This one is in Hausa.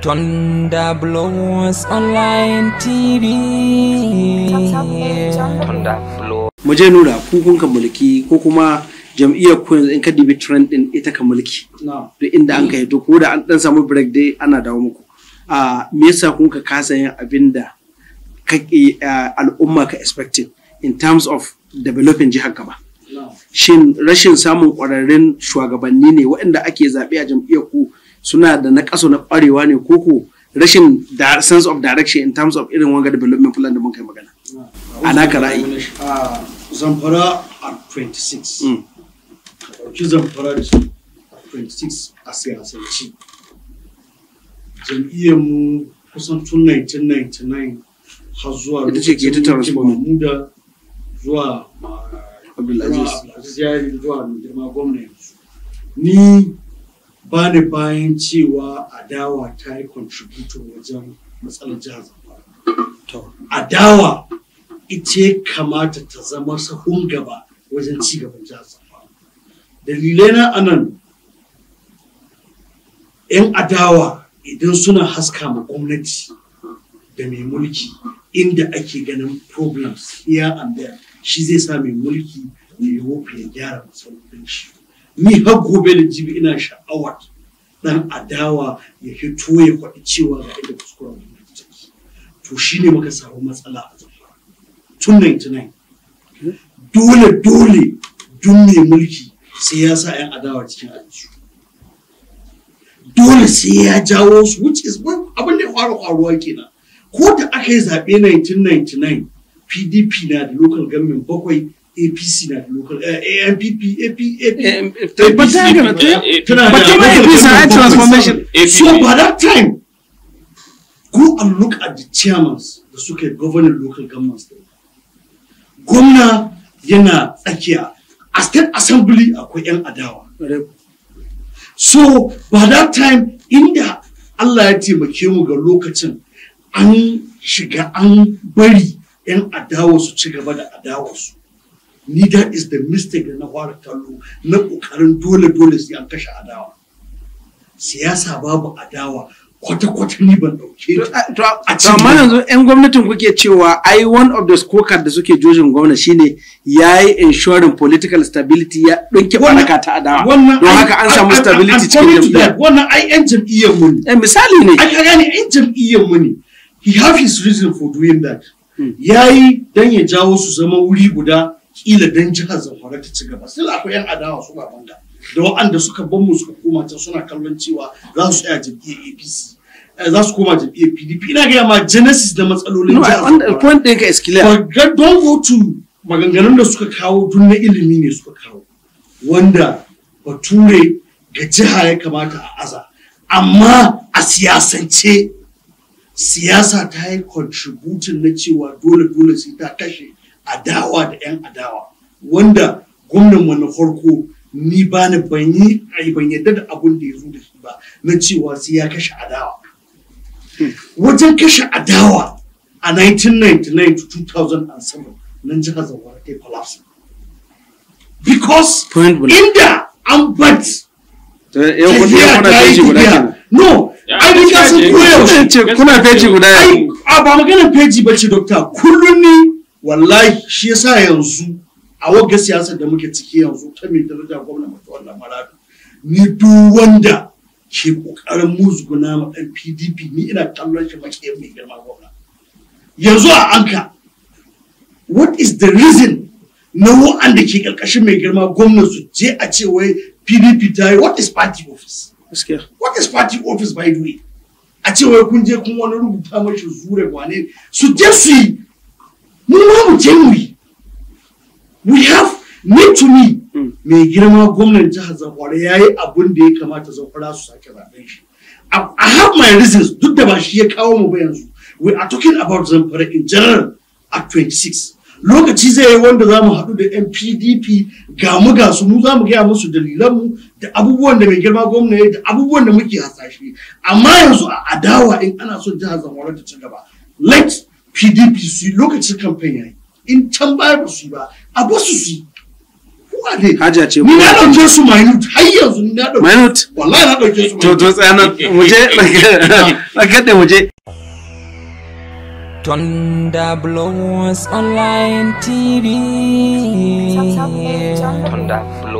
Tonda Blows Online TV. Blows. je nura ku kun mulki ko kuma jam'iyyar ku yanzu in ka dibi trend din ita ka mulki. Duk inda an kai to ko da an dan samu break dai ana dawo muku. me yasa kun ka kasa yin abinda ka al'umma ka expecting in terms of developing jihar gaba. Shin rashin samun ƙwararrun shugabanni ne waɗanda ake zaɓe a jam'iyyar ku suna da na kaso na kwarewa ne ko ko rashin sense of direction in terms of irin wanga development plan da mun kai magana a naka ra'ayi zamfara a 26 mm. ɗauki zamfara da su a 26 Jam'iyyar siyasance mu kusan tun 1999 har zuwa ita ce ke ta transform mahmuda zuwa abdulaziz zuwa mai girma gwamna yanzu ni ba ni bayan cewa adawa ta yi contributor wajen matsalar jihar to adawa ita kamata ta zama sahun gaba wajen ci gaban jihar zamfara dalilai na anan yan adawa idan suna haska ma gwamnati da mai mulki inda ake ganin problems here and there shi zai sa mai mulki ya yi ya gyara matsalolin shi ni har gobe da jibi ina sha'awar dan adawa ya fito ya faɗi cewa ga inda kuskuren to shine muka samu matsala a zamfara tun 99 dole dole dun ne mulki sai ya sa 'yan adawa cikin aljihu dole sai ya jawo su which is abin da ya faru faruwa kenan ko da aka yi zaɓe 1999 pdp na da local government bakwai APC na local eh, AMPP AP eh, eh, but ta gana but kuma APC na transformation so by that time go and look at the chairmans da suke governing local governments gwamna yana tsakiya a state assembly akwai yan adawa so by that time inda Allah ya taimake mu ga lokacin an shiga an bari 'yan adawa su ci gaba da adawa su. ni that is the mistake da na fara kallo na kokarin dole-dole sai an kashe adawa siyasa babu adawa kwata-kwata ni ban ɗauke to a cikin amma yanzu 'yan gwamnatin kuke cewa ai one of the scorecard da suke jojin gwamna shine ya yi ensuring political stability ya ɗauke ɓaraka ta adawa don haka an samu stability cikin jam'iyyar wannan ai 'yan jam'iyyar mu ne eh, misali ne ai gane 'yan jam'iyyar mu ne he have his reason for doing that hmm. yayi dan ya jawo su zama wuri guda kila dan jihar zamfara ta ci gaba sai akwai yan adawa suna banda da wa'anda suka ban mu suka koma can suna kallon cewa za su tsaya jam'iyyar apc eh, za su koma jam'iyyar pdp ina gaya ma genesis da matsalolin jihar point ɗin ka is clear don go maganganun da suka kawo tun na ilimi ne suka kawo wanda bature ga jiha ya kamata a aza amma a siyasance siyasa ta yi contributing na cewa dole dole sai ta kashe adawa da 'yan adawa wanda gwamnan mu na farko ni ba ni ban yi ban yadda da abun da ya zo da shi ba na cewa sai ya kashe adawa wajen kashe adawa a 1999 to 2007 nan jihar zawar ta collapse because inda an bat tafiya ta yi tafiya no koyaushe kuna peji guda ai ba maganar ba ce dokta kullum ni wallahi shi yasa yanzu a wagga siyasar da muke ciki yanzu ta mai daraja gwamna mata wannan maradu ni duk wanda ke kokarin musguna ma dan PDP ni ina kallon shi makiyar mai girma gwamna yanzu a anka what is the reason na wa'anda ke karkashin mai girma gwamna su je a ce wai PDP ta yi what is party office what is party office by the way a ce wai kun je kun wani rubuta mashi zure wane su je su yi mu ma mu je mu we have need to me hmm. mai girma gwamnan jihar zamfara ya yi abun da ya kamata zamfara su sake zaben shi i have my reasons duk da ba shi ya kawo mu ba yanzu we are talking about zamfara in general at 26 lokaci zai yi wanda za mu haɗu da yan pdp ga mu ga su mu za mu gaya musu mu da abubuwan da mai girma gwamna ya da abubuwan da muke hasashe amma yanzu a adawa in ana son jihar zamfara ta ci gaba let's pdp su yi lokacin kamfen yayi in can baya ba su yi ba a ba su su yi kuwa ne hajiya ce ni na dauke su minute har yanzu ni na dauke minute wallahi na dauke su to to tsaya na muje rakade muje Tonda Blows Online TV. Tonda Blows.